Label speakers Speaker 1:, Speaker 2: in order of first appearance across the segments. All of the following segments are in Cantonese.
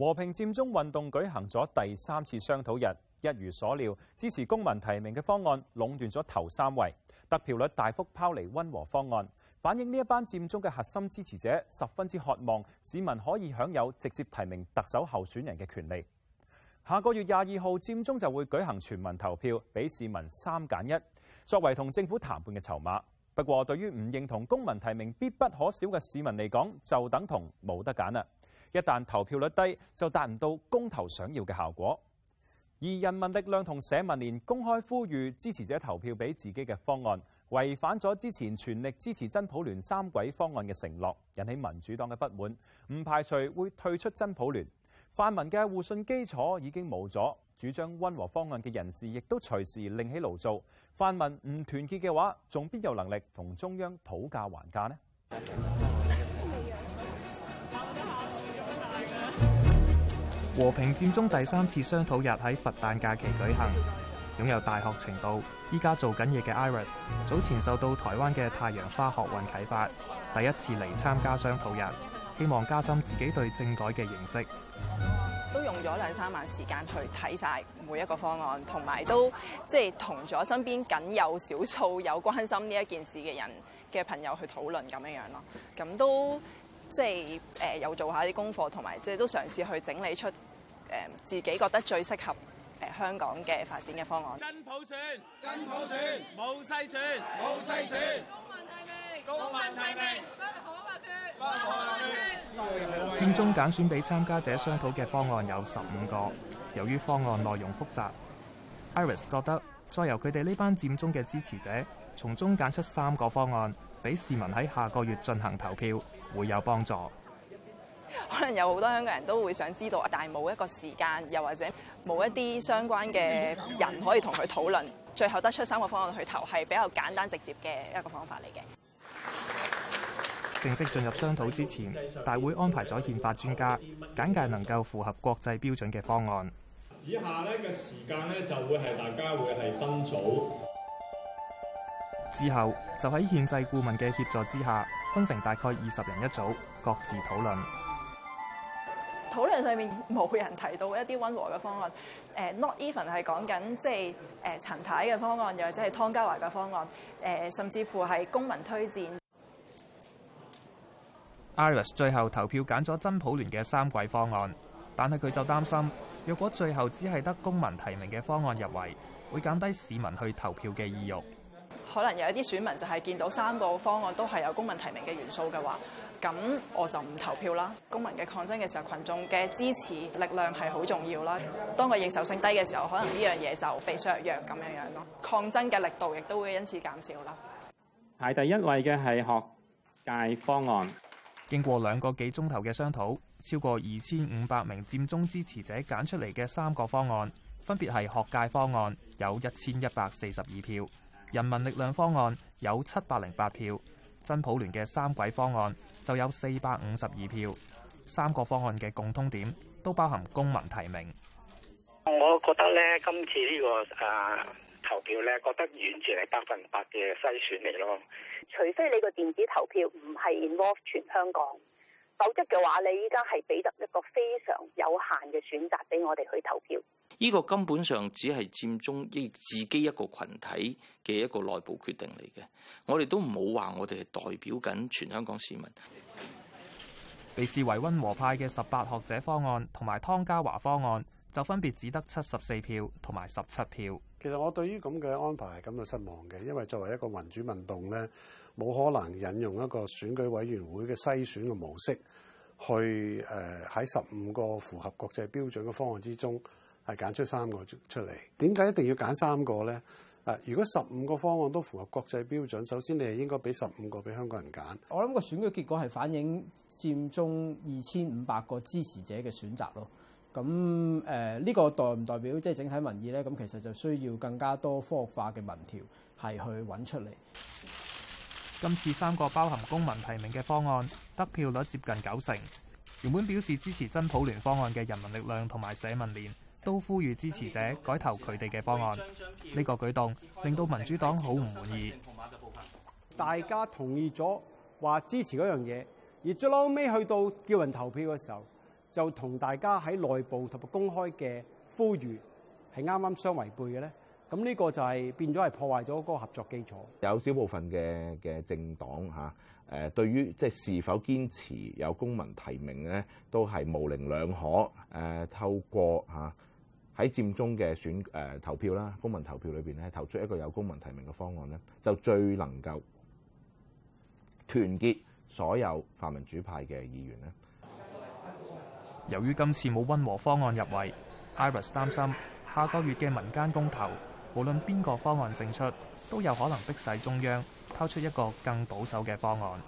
Speaker 1: 和平佔中運動舉行咗第三次商討日，一如所料，支持公民提名嘅方案壟斷咗頭三位，得票率大幅拋離溫和方案，反映呢一班佔中嘅核心支持者十分之渴望市民可以享有直接提名特首候選人嘅權利。下個月廿二號佔中就會舉行全民投票，俾市民三揀一，作為同政府談判嘅籌碼。不過，對於唔認同公民提名必不可少嘅市民嚟講，就等同冇得揀啦。一旦投票率低，就達唔到公投想要嘅效果。而人民力量同社民連公開呼籲支持者投票俾自己嘅方案，違反咗之前全力支持真普聯三軌方案嘅承諾，引起民主黨嘅不滿，唔排除會退出真普聯。泛民嘅互信基礎已經冇咗，主張溫和方案嘅人士亦都隨時另起爐灶。泛民唔團結嘅話，仲邊有能力同中央討價還價呢？
Speaker 2: 和平佔中第三次商討日喺佛誕假期舉行。擁有大學程度，依家做緊嘢嘅 Iris，早前受到台灣嘅太陽花學運啟發，第一次嚟參加商討日，希望加深自己對政改嘅認識。
Speaker 3: 都用咗兩三晚時間去睇晒每一個方案，同埋都即係同咗身邊僅有少數有關心呢一件事嘅人嘅朋友去討論咁樣樣咯，咁都。即係誒有做下啲功課，同埋即係都嘗試去整理出自己覺得最適合香港嘅發展嘅方案。
Speaker 4: 真普選，真普選，冇篩選，冇篩選。
Speaker 5: 公民提名，公民提名，名，不可或缺，不可或缺。佔中
Speaker 2: 揀選俾參加者商討嘅方案有十五個，由於方案內容複雜，Iris 覺得再由佢哋呢班佔中嘅支持者從中揀出三個方案。俾市民喺下個月進行投票，會有幫助。
Speaker 3: 可能有好多香港人都會想知道，但係冇一個時間，又或者冇一啲相關嘅人可以同佢討論，最後得出三個方案去投，係比較簡單直接嘅一個方法嚟嘅。
Speaker 2: 正式進入商討之前，大會安排咗憲法專家簡介能夠符合國際標準嘅方案。
Speaker 4: 以下呢個時間呢，就會係大
Speaker 1: 家會係分組。
Speaker 2: 之後就喺憲制顧問嘅協助之下，分成大概二十人一組，各自討論。
Speaker 3: 討論上面冇人提到一啲溫和嘅方案，not even 係講緊即係誒陳太嘅方案，又、就是呃、或者係湯家驊嘅方案，呃，甚至乎係公民推薦。
Speaker 2: Iris 最後投票揀咗真普聯嘅三軌方案，但係佢就擔心，若果最後只係得公民提名嘅方案入圍，會減低市民去投票嘅意欲。
Speaker 3: 可能有一啲選民就係見到三個方案都係有公民提名嘅元素嘅話，咁我就唔投票啦。公民嘅抗爭嘅時候，群眾嘅支持力量係好重要啦。當個認受性低嘅時候，可能呢樣嘢就被削弱咁樣樣咯。抗爭嘅力度亦都會因此減少啦。
Speaker 1: 排第一位嘅係學界方案。
Speaker 2: 經過兩個幾鐘頭嘅商討，超過二千五百名佔中支持者揀出嚟嘅三個方案，分別係學界方案，有一千一百四十二票。人民力量方案有七百零八票，真普聯嘅三軌方案就有四百五十二票。三個方案嘅共通點都包含公民提名。
Speaker 6: 我覺得咧，今次呢、這個、啊、投票咧，覺得完全係百分百嘅篩選嚟咯。除非你
Speaker 3: 個電子投票唔係 involve 全香港，否則嘅話，你依家係俾得一個非常有限嘅選擇俾我哋去投票。
Speaker 5: 呢、這個根本上只係佔中依自己一個群體嘅一個內部決定嚟嘅。我哋都唔好話，我哋係代表緊全香港市民。
Speaker 2: 被視為溫和派嘅十八學者方案同埋湯家華方案就分別只得七十四票同埋十七票。
Speaker 7: 其實我對於咁嘅安排係感到失望嘅，因為作為一個民主運動咧，冇可能引用一個選舉委員會嘅篩選嘅模式去誒喺十五個符合國際標準嘅方案之中，係揀出三個出嚟，點解一定要揀三個呢？啊，如果十五個方案都符合國際標準，首先你係應該俾十五個
Speaker 6: 俾香港人揀。
Speaker 2: 我諗個選舉結果係反映佔中二千五百個支持者嘅選擇咯。咁誒呢個代唔代表即係整體民意呢？咁其實就需要更加多科學化嘅民調係去揾出嚟。今次三個包含公民提名嘅方案得票率接近九成。原本表示支持真普聯方案嘅人民力量同埋社民連，都呼籲支持者改投佢哋嘅方案，呢個舉動令到民主黨好唔滿意。
Speaker 7: 大家同意咗話支持嗰樣嘢，而最嬲尾去到叫人投票嘅時候，就同大家喺內部同埋公開嘅呼籲係啱啱相違背嘅呢。
Speaker 1: 咁呢個就係變咗係破壞咗嗰個合作基礎。
Speaker 4: 有少部分嘅嘅政黨嚇誒，對於即係是否堅持有公民提名呢，都係模棱兩可誒，透過嚇。喺佔中嘅選、呃、投票啦，公民投票裏面咧投出一個有公民提名嘅方案咧，就最能夠團結所有泛民主派嘅議員。
Speaker 2: 由於今次冇溫和方案入圍，Iris 擔心下個月嘅民間公投，無論邊個方案勝出，都有可能迫使中央拋出一個更保守嘅方案。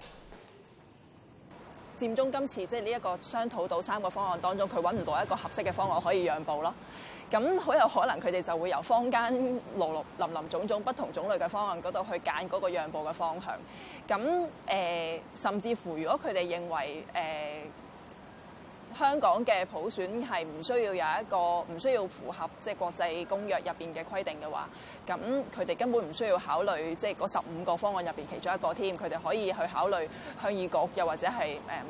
Speaker 3: 佔中今次即係呢一個商討到三個方案當中，佢揾唔到一個合適嘅方案可以讓步咯。咁好有可能佢哋就會由坊間羅羅林林種種不同種類嘅方案嗰度去揀嗰個讓步嘅方向。咁誒、呃、甚至乎如果佢哋認為誒、呃、香港嘅普選係唔需要有一個唔需要符合即係國際公約入邊嘅規定嘅話，咁佢哋根本唔需要考慮即係嗰十五個方案入邊其中一個添，佢哋可以去考慮鄉議局又或者係誒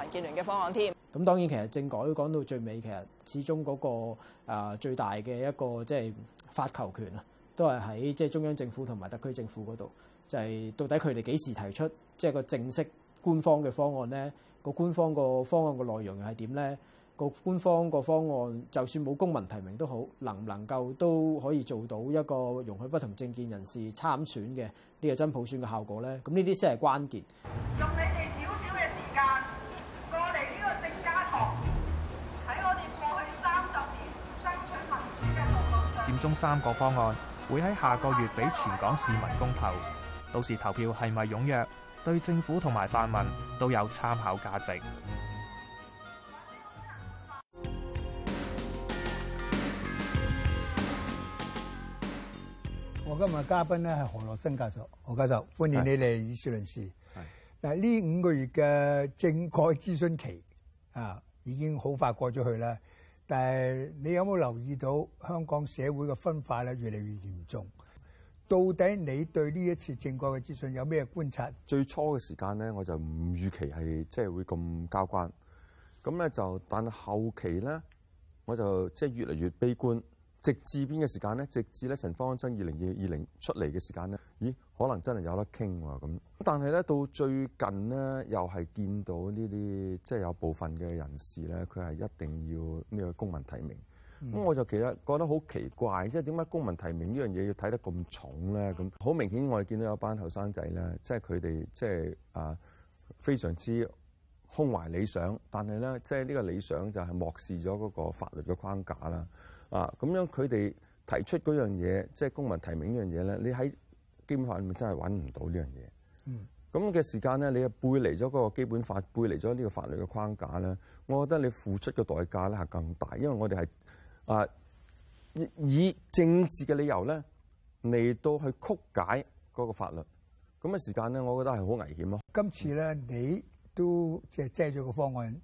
Speaker 3: 民建聯嘅方案添。
Speaker 2: 咁當然，其實政改講到最尾，其實始終嗰個啊最大嘅一個即係、就是、發球權啊，都係喺即係中央政府同埋特區政府嗰度。就係、是、到底佢哋幾時提出即係、就是、個正式官方嘅方案呢？個官方個方案個內容係點呢？個官方個方案就算冇公民提名都好，能唔能夠都可以做到一個容許不同政見人士參選嘅呢、這個真普選嘅效果呢？咁呢啲先係關鍵。中三個方案會喺下個月俾全港市民公投，到時投票係咪踴躍，對政府同埋泛民都有參考價值。
Speaker 6: 我今日嘉賓咧係何濼生教授，何教授歡迎你嚟議事論事。嗱，呢五個月嘅政改諮詢期啊，已經好快過咗去啦。但係你有冇留意到香港社會嘅分化咧，越嚟越嚴重。到底你對呢一次政改嘅資訊有咩觀察？最初嘅時
Speaker 7: 間咧，我就唔預期係即係會咁交關。咁咧就但到後期咧，我就即係越嚟越悲觀。直至邊嘅時間咧，直至咧陳方安生二零二二零出嚟嘅時間咧，咦？可能真係有得傾喎，咁，但係咧到最近咧，又係見到呢啲即係有部分嘅人士咧，佢係一定要呢個公民提名。咁、mm. 我就其實覺得好奇怪，即係點解公民提名呢樣嘢要睇得咁重咧？咁好明顯我哋見到有班後生仔咧，即係佢哋即係啊，非常之胸懷理想，但係咧，即係呢個理想就係漠視咗嗰個法律嘅框架啦。啊，咁樣，佢哋提出嗰樣嘢，即係公民提名呢樣嘢咧，你喺。基本法咪真係揾唔到呢樣嘢，嗯，咁嘅時間咧，你係背離咗個基本法，背離咗呢個法律嘅框架咧。我覺得你付出嘅代價咧係更大，因為我哋係啊以政治嘅理由咧嚟到去曲解嗰個法律。咁嘅時間咧，我覺得係好危險咯。
Speaker 6: 今次咧，你都即係借咗個方案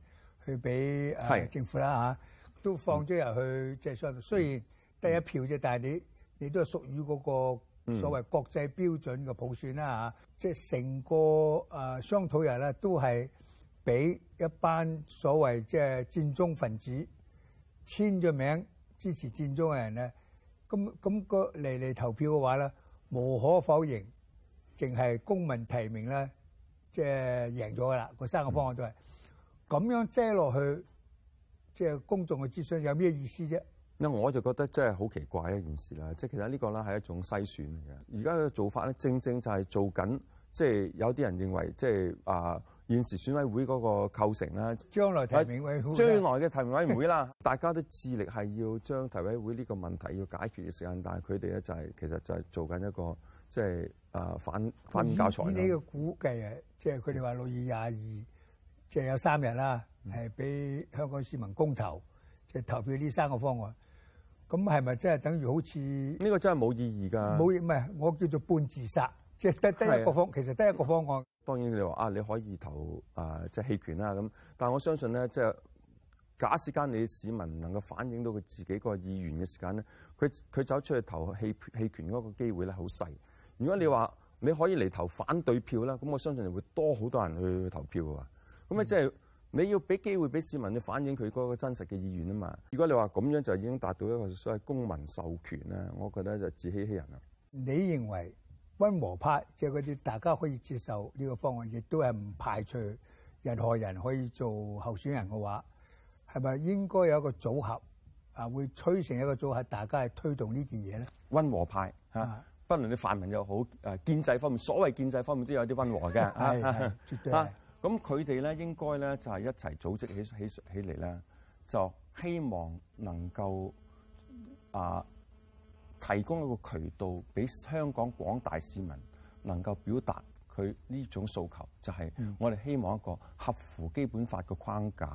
Speaker 6: 去俾係、啊、政府啦、啊、吓，都放咗入去即係商，雖然得一票啫，嗯，但係你你都係屬於嗰、那個。所謂國際標準嘅普選啦嚇，即係成個誒商討日咧都係俾一班所謂即係佔中分子簽咗名支持佔中嘅人咧，咁咁個嚟嚟投票嘅話咧，無可否認，淨係公民提名咧即係贏咗㗎啦，嗰三個方案都係咁樣遮落去，即係公眾嘅諮詢有咩意思啫？
Speaker 7: 咁我就覺得真係好奇怪一件事啦，即係其實呢個咧係一種篩選嚟嘅。而家嘅做法咧，正正就係做緊，即係有啲人認為，即係啊現時選委會嗰個構成啦，將來提名委會，將來嘅提名委員會啦， 大家都致力係要將提名委會呢個問題要解決嘅時間，但係佢哋咧就係其實就係做緊一個即係啊反反面教材。以你
Speaker 6: 嘅估計啊，即係佢哋話六月廿二，即係有三日啦，係俾香港市民公投，即係投票呢三個方案。咁係咪真係等於好似？呢個真係冇意義㗎。冇，唔係我叫做半自殺，即係得得一個方，其實得一個方案。當然你話
Speaker 7: 啊，你可以投啊，即係棄權啦咁。但係我相信咧，即係假使間你市民能夠反映到佢自己個意願嘅時間咧，佢佢走出去投棄棄權嗰個機會咧好細。如果你話你可以嚟投反對票啦，咁我相信就會多好多人去投票㗎喎。咁啊，即係。嗯你要俾機會俾市民去反映佢嗰個真實嘅意願啊嘛！如果你話咁樣就已經達到一個所謂公民授權啦，我覺得就自欺欺
Speaker 6: 人啦。你認為溫和派即係嗰啲大家可以接受呢個方案，亦都係唔排除任何人可以做候選人嘅話，係咪應該有一個組合啊？會催成一個組合，大家係推動這呢件嘢咧？溫和派
Speaker 7: 嚇、啊，不論你泛民又好誒建制方面，所謂建制方面都有啲溫和嘅啊， 絕對咁佢哋咧，應該咧，就係一齊組織起起起嚟咧，就希望能夠啊提供一個渠道俾香港廣大市民能夠表達佢呢種訴求，就係、是、我哋希望一個合乎基本法嘅框架，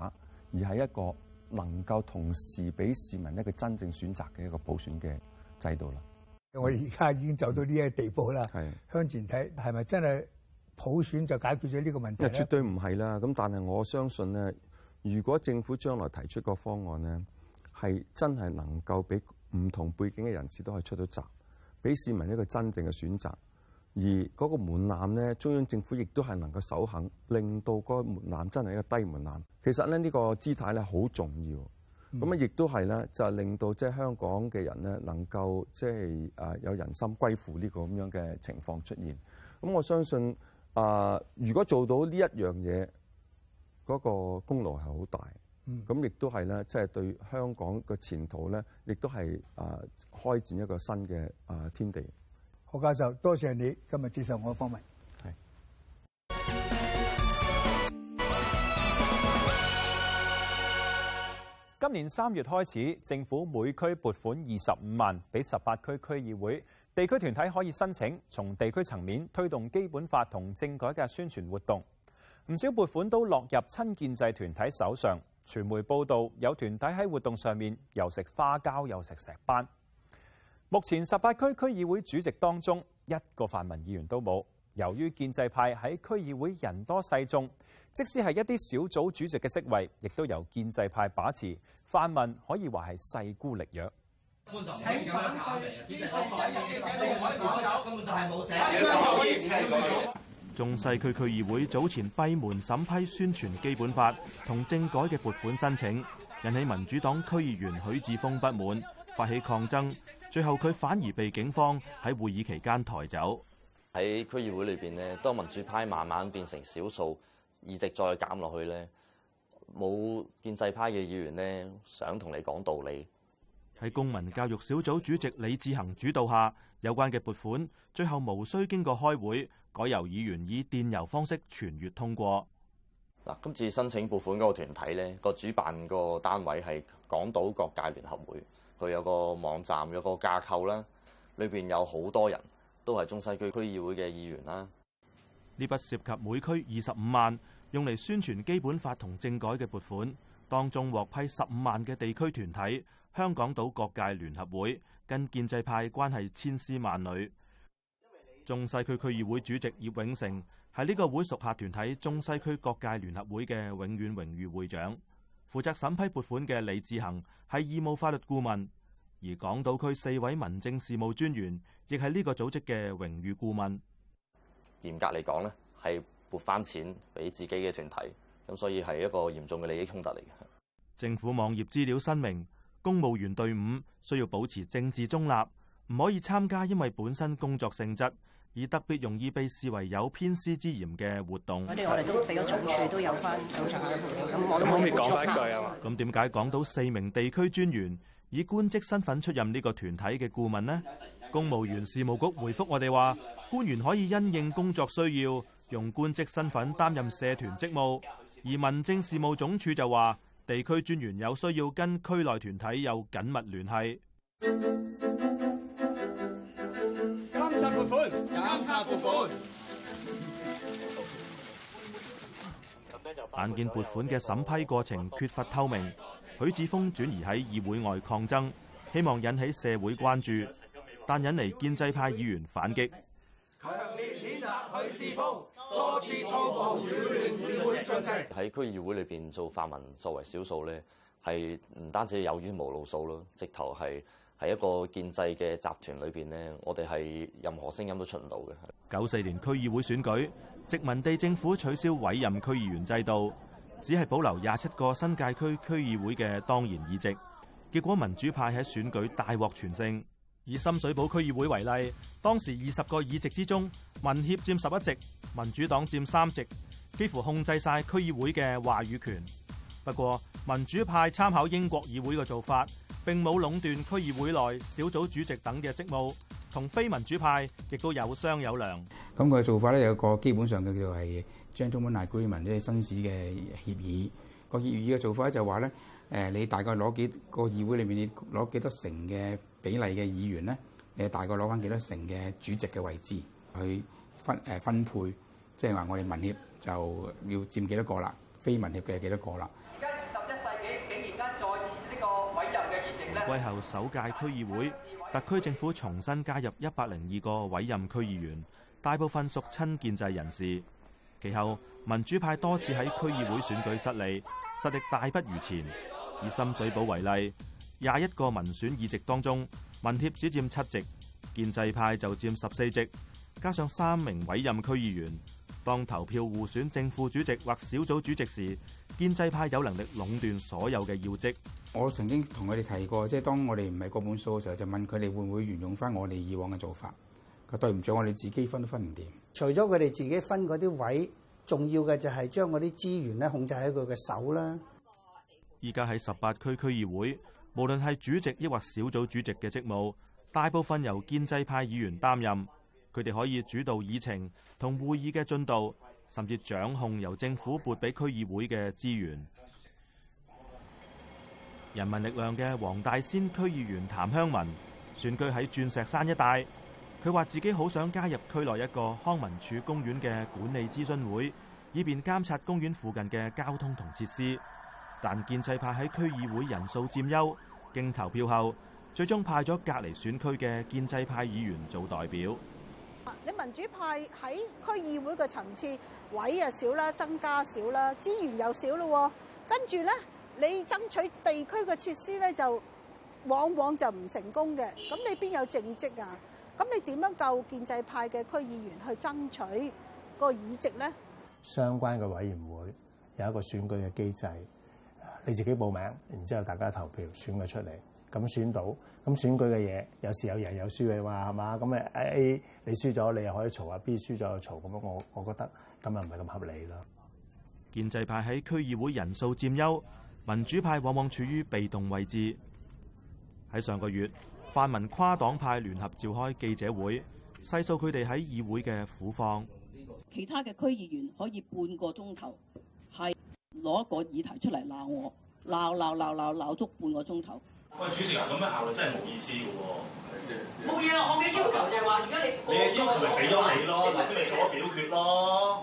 Speaker 7: 而係一個能夠同時俾市民一個真正選擇嘅一個普選嘅制度啦。
Speaker 6: 我而家已經走到呢一個地步啦，向前睇係咪真係？普選就解決咗呢個問題咧，絕對
Speaker 7: 唔係啦。咁但係我相信咧，如果政府將來提出個方案咧，係真係能夠俾唔同背景嘅人士都可以出到閘，俾市民一個真正嘅選擇。而嗰個門檻咧，中央政府亦都係能夠守恒，令到嗰個門檻真係一個低門檻。其實咧，呢、這個姿態咧好重要。咁啊，亦都係咧，就係、是、令到即係香港嘅人咧，能夠即係啊有人心歸附呢個咁樣嘅情況出現。咁我相信。啊！如果做到呢一樣嘢，嗰個功勞係好大，咁亦都係咧，即係對香港嘅前途咧，亦都係啊，開展一個新嘅啊天
Speaker 6: 地。何教授，多謝你今日接受我嘅訪問。係。
Speaker 1: 今年三月開始，政府每區撥款二十五萬，俾十八區區議會。地區團體可以申請從地區層面推動基本法同政改嘅宣傳活動，唔少撥款都落入親建制團體手上。傳媒報道有團體喺活動上面又食花膠又食石斑。目前十八區區議會主席當中一個泛民議員都冇。由於建制派喺區議會人多勢眾，即使係一啲小組主席嘅職位，亦都由建制派把持。泛民可以話係勢孤力弱。仲西區區議會早
Speaker 4: 前閉門審批宣傳《基本法》同政改嘅撥款申請，引起民主黨區議員許智峰不滿，發起抗爭，最後佢反而被警方喺會議期間抬走。
Speaker 5: 喺區議會裏邊咧，當民主派慢慢變成少數，議席再減落去呢，冇建制派嘅議員呢，
Speaker 4: 想同你講道理。喺公民教育小組主席李志恒主導下，有關嘅撥款最後無需經過開會，改由議員以電郵方式傳閱通過。
Speaker 5: 嗱，今次申請撥款嗰個團體咧，個主辦個單位係港島各界聯合會，佢有個網站有個架構啦，裏邊有好多人都係中西區區議會嘅議員啦。
Speaker 4: 呢筆涉及每區二十五萬，用嚟宣傳基本法同政改嘅撥款，當中獲批十五萬嘅地區團體。香港島各界聯合會跟建制派關係千絲萬縷，中西區區議會主席葉永成係呢個會屬下團體中西區各界聯合會嘅永遠榮譽會長，負責審批撥款嘅李志恒係義務法律顧問，而港島區四位民政事務專員亦係呢個組織嘅榮譽顧問。嚴格嚟講咧，係撥翻錢
Speaker 5: 俾自己嘅政體，咁所以係一個嚴重嘅利益衝突嚟
Speaker 4: 嘅。政府網頁資料申明，公務員隊伍需要保持政治中立，唔可以參加因為本身工作性質而特別容易被視為有偏私之嫌嘅活動。咁
Speaker 2: 可唔
Speaker 1: 可以講返一
Speaker 4: 句啊？咁點解講到四名地區專員以官職身份出任呢個團體嘅顧問呢？公務員事務局回覆我哋話，官員可以因應工作需要用官職身份擔任社團職務，而民政事務總署就話，地區專員有需要跟區內團體有緊密聯繫。
Speaker 5: 監察撥款，監察撥款。
Speaker 4: 眼見撥款嘅審批過程缺乏透明，許智峰轉移喺議會外抗爭，希望引起社會關注，但引嚟建制派議員反擊。
Speaker 6: 強烈譴責許智峰。多次粗暴
Speaker 5: 擾亂議會進程。喺區議會裏邊做泛民作為少數咧，係唔單止有冤無路訴咯，直頭係係一個建制嘅集團裏邊咧，我哋
Speaker 4: 係任何聲音都出唔到嘅。九四年區議會選舉，殖民地政府取消委任區議員制度，只係保留廿七個新界區區議會嘅當然議席，結果民主派喺選舉大獲全勝。以深水埗區議會為例，當時二十個議席之中，民協佔十一席，民主黨佔三席，幾乎控制晒區議會嘅話語權。不過民主派參考英國議會嘅做法，並冇壟斷區議會內小組主席等嘅職務，同非民主派亦都有商有量。
Speaker 6: 咁佢嘅做法咧，有一個基本上嘅叫做係《Gentleman Agreement》，即係紳士嘅協議。個協議嘅做法咧，就話咧，誒，你大概
Speaker 7: 攞幾個議會裏面，你攞幾多成嘅比例嘅議員咧，你大概攞翻幾多成嘅主席嘅位置去分誒分配，即係話我哋民協就要佔幾多個啦，非民協嘅幾多個啦？而家
Speaker 2: 二十一世紀竟然間再設呢個委任嘅議席咧？迴歸後
Speaker 4: 首屆區議會，特區政府重新加入一百零二個委任區議員，大部分屬親建制人士。其後民主派多次喺區議會選舉失利。實力大不如前。以深水埗為例，廿一個民選議席當中，民協只佔七席，建制派就佔十四席，加上三名委任區議員。當投票互選正副主席或小組主席時，建制派有能力壟斷所有嘅要職。我
Speaker 6: 曾經同佢哋提過，即係當我哋唔係嗰本數嘅時候，就問佢哋會唔會沿用返我哋以往嘅做法。佢，對唔住，我哋自己分都分唔掂。除咗佢哋自己分嗰啲位。重要嘅就係將嗰啲資源咧，控制喺佢嘅手啦。
Speaker 4: 依家喺十八區區議會，無論係主席抑或小組主席嘅職務，大部分由建制派議員擔任。佢哋可以主導議程同會議嘅進度，甚至掌控由政府撥俾區議會嘅資源。人民力量嘅黃大仙區議員譚香文選舉喺鑽石山一帶。佢話：自己好想加入區內一個康文署公園嘅管理諮詢會，以便監察公園附近嘅交通同設施。但建制派喺區議會人數佔優，經投票後，最終派咗隔離選區嘅建制派議員做代表。
Speaker 3: 你民主派喺區議會嘅層次位又少啦，增加少啦，資源又少咯。跟住咧，你爭取地區嘅設施咧，就往往就唔成功嘅。咁你邊有政績啊？咁你點樣夠建制派嘅區議員去爭取個議席咧？
Speaker 6: 相關嘅委員會有一個選舉嘅機制，你自己報名，然之後大家投票選佢出嚟，咁選到咁選舉嘅嘢有時有人有輸嘅話係嘛？咁誒 A, A 你輸咗你又可以嘈啊 B 輸咗就嘈咁樣，我我覺得咁又唔係咁合理咯。
Speaker 4: 建制派喺區議會人數佔優，民主派往往處於被動位置。喺上個月，泛民跨黨派聯合召開記者會，細數佢哋喺議會嘅苦況。
Speaker 3: 其他嘅區議員可以半個鐘頭係攞一個議題出嚟鬧我，鬧鬧鬧鬧鬧足半個鐘頭。
Speaker 4: 喂，主持人咁樣效率真係冇意思嘅喎，冇嘢
Speaker 3: 啊！我嘅要求就係、是、話，如果你你嘅要求咪俾咗你咯，先嚟做咗表決咯，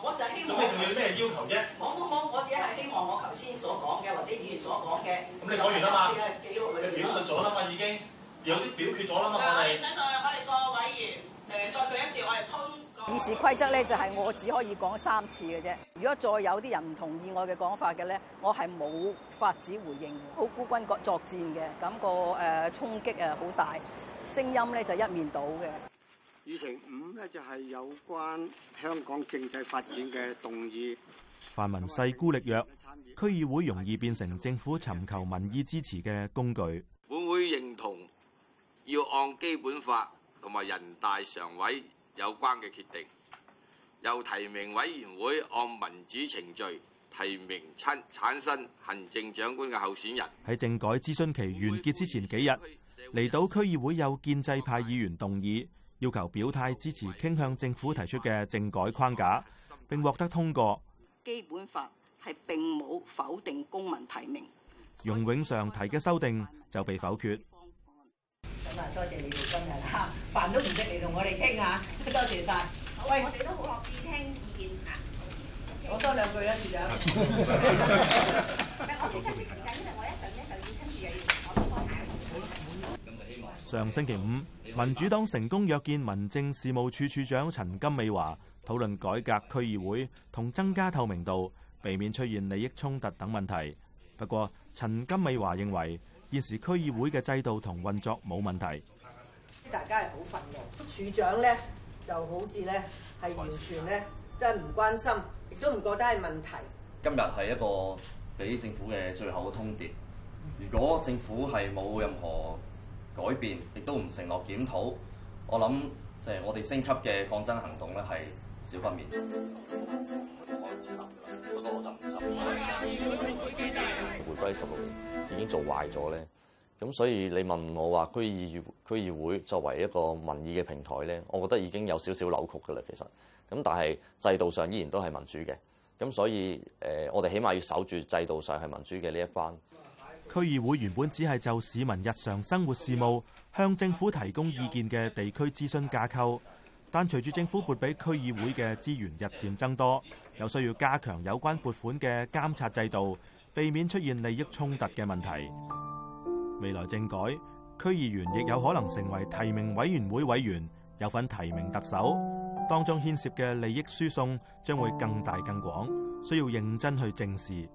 Speaker 3: 我就希望咁你仲有咩要求
Speaker 4: 啫？冇、冇、冇，
Speaker 3: 我自己係希望我頭先所講嘅或者議員所講嘅，咁你講完啦嘛，即表述咗啦嘛，已
Speaker 1: 經有啲表決咗啦嘛，我哋，嗱，請我哋個委員
Speaker 3: 誒再舉一次，我哋通。議事規則咧，就係我只可以講三次嘅啫。如果再有啲人唔同意我嘅講法嘅咧，我係冇法子回應，好孤軍作戰嘅感覺，誒衝擊好大，聲音咧就一面倒嘅。
Speaker 6: 議程五咧就係有關香港政制發展嘅動議。
Speaker 4: 泛民勢孤力弱，區議會容易變成政府尋求民意支持嘅工具。
Speaker 5: 本會認同要按基本法同埋人大常委有關嘅決定，由提名委員會按民主程序提名產產，產生行政長官嘅候選人。
Speaker 4: 喺政改諮詢期完結之前幾日，離島區，區議會有建制派議員動議，要求表態支持傾向政府提出嘅政改框架，並獲得通過。
Speaker 3: 基本法係並冇否定公民提名。
Speaker 4: 容永常提嘅修訂就被否決。
Speaker 3: 咁啊，多謝你哋今日嚇，飯都唔食嚟同我哋傾下，多謝晒。喂，我哋都好樂意聽意見嚇，講多兩句啦，處
Speaker 4: 長。因為我一陣咧就要跟住上星期五，民主黨成功約見民政事務處處長陳金美華，話討論改革區議會同增加透明度，避免出現利益衝突等問題。不過，陳金美華認為，現時區議會嘅制度同運作冇問題。
Speaker 3: 即係大家係好憤怒，處
Speaker 1: 長咧就好似咧係完全咧即係唔關心，亦都唔覺得係問題。
Speaker 5: 今日係一個俾政府嘅最後嘅通牒。如果政府係冇任何改變，亦都唔承諾檢討，我諗即係我哋升級嘅抗爭行動咧係少不免。歸十六年已經做壞咗咧，咁所以你問我話，區議區議會作為一個民意嘅平台咧，我覺得已經有少少扭曲噶啦，其實，咁但係制度上依然都係民主嘅，咁所以誒我哋起碼要守住制度上係民主嘅呢一關。
Speaker 4: 區議會原本只係就市民日常生活事務向政府提供意見嘅地區諮詢架構，但隨住政府撥俾區議會嘅資源日漸增多，有需要加強有關撥款嘅監察制度。避免出現利益衝突嘅問題。未來政改區議員亦有可能成為提名委員會委員，有份提名特首，當中牽涉嘅利益輸送將會更大更廣，需要認真去正視。